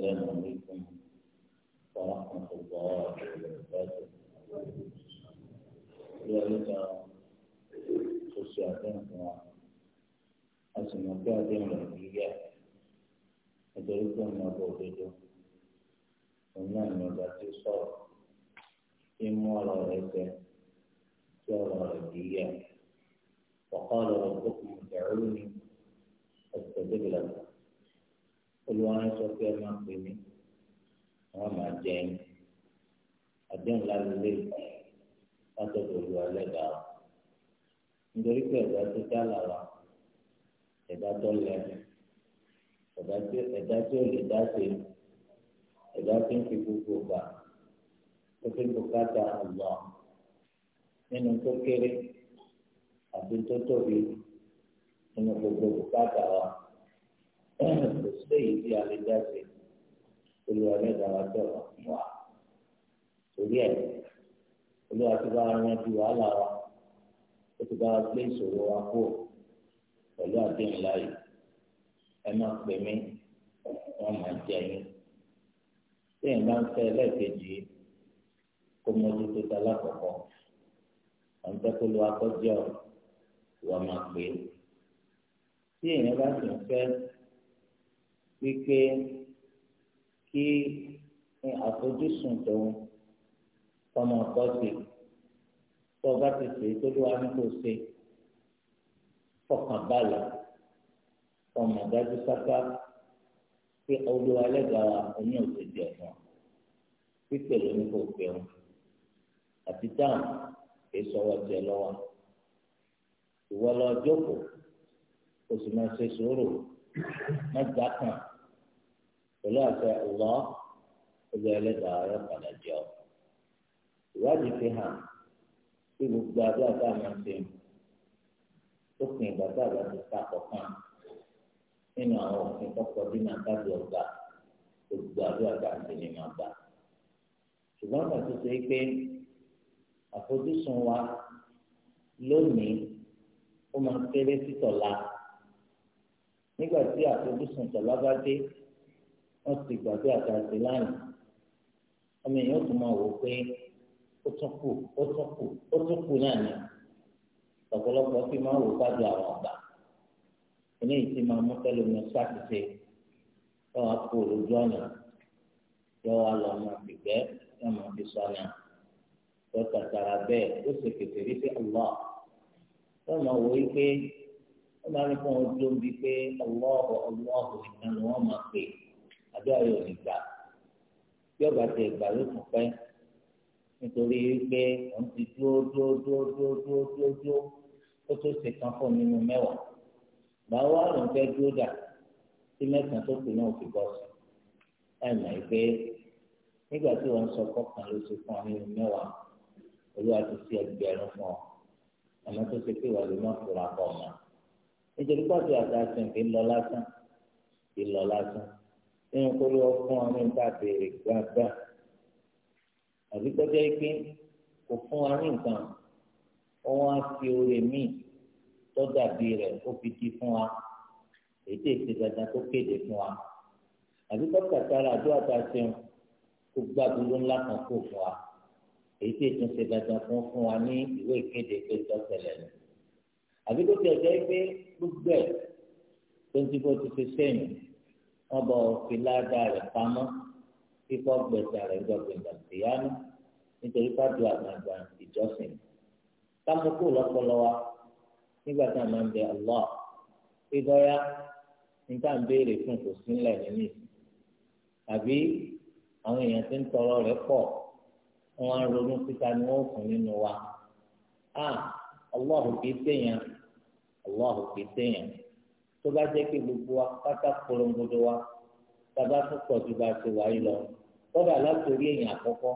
السلام عليكم ورحمة الله وبركاته ذلك خصياتنا أسمى كاتم الأنبياء أدركم ما بوجده ومن نبات الصوت إما رأيته سورة الأنبياء وقال ربكم ادعوني أستجب لكم olùwàrán sọ pé ẹ máa pè mí wọn máa jẹ yín àdéhùn lálẹ́ látọ̀dọ̀ olùwà lẹ́dàá nítorí pé ẹ̀dá tó dá làwà ẹ̀dá tó lẹ ẹ̀dá tí ó lè dá sí ẹ̀dá tí ń fi gbogbo gbà tó fi bùkátà ọ̀gbà nínú tó kéré àti tó tóbi nínú gbogbo bùkátà wa tí a lè dá sí olúwa lẹ́dàá tọ̀rọ̀ fún wa torí ẹ̀ olúwa ti bá wọn di wàhálà wa ó ti bá wa gbé ìṣòro wa kú pẹ̀lú àdéhùn láàyè ẹ máa pè mí wọ́n máa jẹ yín téèyàn bá ń fẹ́ lẹ́ẹ̀kejì kó mọ́tò tó ta lákọ̀ọ́kọ́ àwọn tẹ́kọ̀ọ́ lọ́wọ́ akọ́jọ́ wọ́n máa pè é tí èèyàn bá sì ń fẹ́ wípé kí ní àfojúsùn tòun ọmọ ọkọ sí tó bá ti sè é tó ló wá ní kò ṣe fọkàn balẹ̀ ọmọ dájú sápá pé olúwa lẹ́gàá wa oní òṣèlú ẹ̀fọn pípẹ́ ló ní kò pẹ́ wọn àti dáhùn èso ọwọ́ tiẹ̀ lọ́wọ́ ìwọ jókòó oṣù máa ṣe sòrò má dákàn. pẹ̀lú àṣẹ ọ̀wọ́ ọgbẹ́ ẹlẹ́dàá ọ̀rọ̀ padà jọ. ìwádìí fi hàn pé gbogbo àdó àti àwọn ṣe ó pin ìgbà tá àgbà ti ta kọ̀ọ̀kan nínú àwọn òfin bí ọgbà gbogbo ti ní máa gbà. ṣùgbọ́n ṣe pé àfojúsùn wa lónìí wọ́n ti gbàgbé àtàtì lánàá ọmọ èèyàn tó máa wò pé ó tún kù ó tún kù ó tún kù náà ni ọ̀pọ̀lọpọ̀ fi máa wò gbàdúrà àwọn àgbà eléyìí ti máa mú kẹlẹ́mi ṣàtìṣe yọ wá kú olójú ọ̀nà yọ wá lọ ọmọ àgbègbè yọ máa fi sọnà yọ tàtàrà bẹ́ẹ̀ ó sì kẹsẹ̀ rí sí ọlọ́ yọ máa wò yí pé ó máa ní kó wọn dúró bíi pé ọlọ́ọ̀hún ọlọ́ọ̀hún ìkànnì wọn máa pè é àdúrà yóò ní gbà bí ọba tẹ ìgbà ló tún pẹ́ nítorí wípé òun ti dúró dúró dúró dúró dúró dúró dúró ó tó ṣe kan fún nínú mẹ́wàá báwo ló ń fẹ́ dúró dà tí mẹ́sàn-án tó kù náà fi bọ́ sí ẹ̀ mọ̀ pé nígbà tí wọ́n sọ kọ́kàn ló ṣe fún ọ nínú mẹ́wàá olúwa ti ṣe ẹgbẹ̀rún fún ọ àmọ́ tó ṣe pé ìwà ló má fura kọ́ ọ̀ma nítorí pàṣẹ àti àṣẹ ń lásán ti lásán nínú kó lọ fún wa ní nǹkan àbèrè gbàgbà àbí kọjá pé kò fún wa ní nǹkan ó wá fi oore míì tọ́jà bí rẹ̀ ó fi di fún wa ètò ètò dandan tó kéde fún wa àbí kọ́kà sára àdó àtàṣe kó gbàgbóró ńlá kan kó fún wa ètò ètò ṣe dandan fún fún wa ní ìwé ìkéde pé tọ́sẹ̀lẹ̀ ni àbí kó tẹ̀ pé gbogbo ẹ̀ tó ń ti bó ti fi sẹ́yìn wọn bọ òfin ládàá rẹ pamọ́ kíkọ gbèsè rẹ gbọgbẹ gbàgbéyàmù nítorí pàdé àgbàgbà ìjọsìn kámọkù lọpọlọ wa nígbà tá a máa ń bẹ Allah gbígbọyà níta ń béèrè fún kò sílẹ̀ nínú àbí àwọn èèyàn ti ń tọrọ rẹ pọ̀ wọn á ronú síta ni wọn ò fún nínú wa a ah, Allah kìí téèyàn Allah kìí téèyàn tó bá jẹ́ pé gbogbo wa pátá polongodo wa tàbá tún pọ̀ ju bá a ti wáyé lọ kódà látòrí èèyàn àkọ́kọ́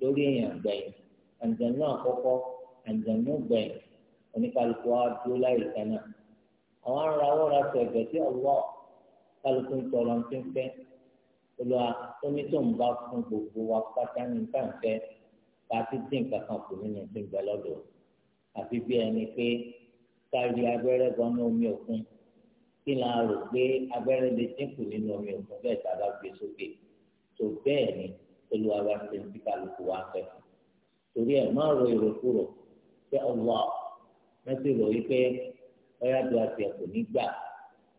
lórí èèyàn gbẹ̀yìn àǹjẹ̀nú àkọ́kọ́ àǹjẹ̀nú gbẹ̀yìn oníkálukú wa dúró láyé kanáà àwọn arawọ́ ra sọ ẹ̀gbẹ́ sí ọwọ́ kálukú ń tọrọ ń pínpẹ́ olùwà tóní tó ń bá fún gbogbo wa pátá ní káńfẹ́ láti dín kankan kù nínú tí ń lọ́dọ̀ àfi bí ẹni pé kárí abẹ́rẹ́ gan ní omi òkun kí la rò pé abẹ́rẹ́ lè dínkù nínú omi òkun bẹ́ẹ̀ tá a bá gbé sókè tó bẹ́ẹ̀ ni olúwa bá ṣe ń tí kálukú wá fẹ́ torí ẹ̀ má ro èròkúrò pé ọ̀wọ́ mẹ́sì rò yí pé ọ̀yá dùn àti ẹ̀kọ́ nígbà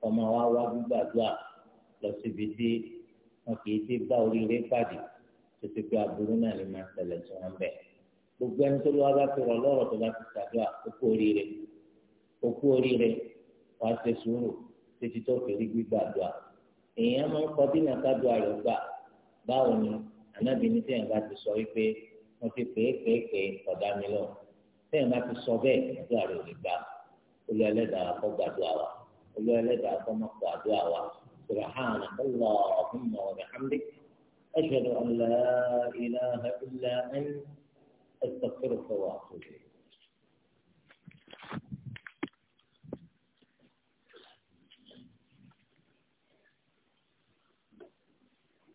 ọmọ wa wá gbígbàdúrà lọ síbi tí wọn kì í ti bá oríire pàdé títí pé aburú náà lè máa ṣẹlẹ̀ sí wọn bẹ́ẹ̀ gbogbo ẹni tó lọ́wọ́ bá ti rọ̀ lọ́rọ̀ tó bá ti ṣàdúrà ó kú oríire ó ṣe sùúrù títí tó fi rí gbígbàdúrà èèyàn máa ń kọ bí nàkàdúrà rẹ̀ gbà báwo ni ànábì ní tẹ̀yìn bá ti sọ wípé wọ́n ti pè é pè é pè é ọ̀dà mi lọ tẹ̀yìn bá ti sọ bẹ́ẹ̀ àdúrà rẹ̀ ò lè gbà olú ẹlẹ́dàá kọ́ gbàdúrà wa olú ẹlẹ́dàá kọ́ mọ́ gbàdúrà wa subahana allahumma wa bihamdik ashhadu an la ilaha illa anta astaghfiruka wa atubu ilayk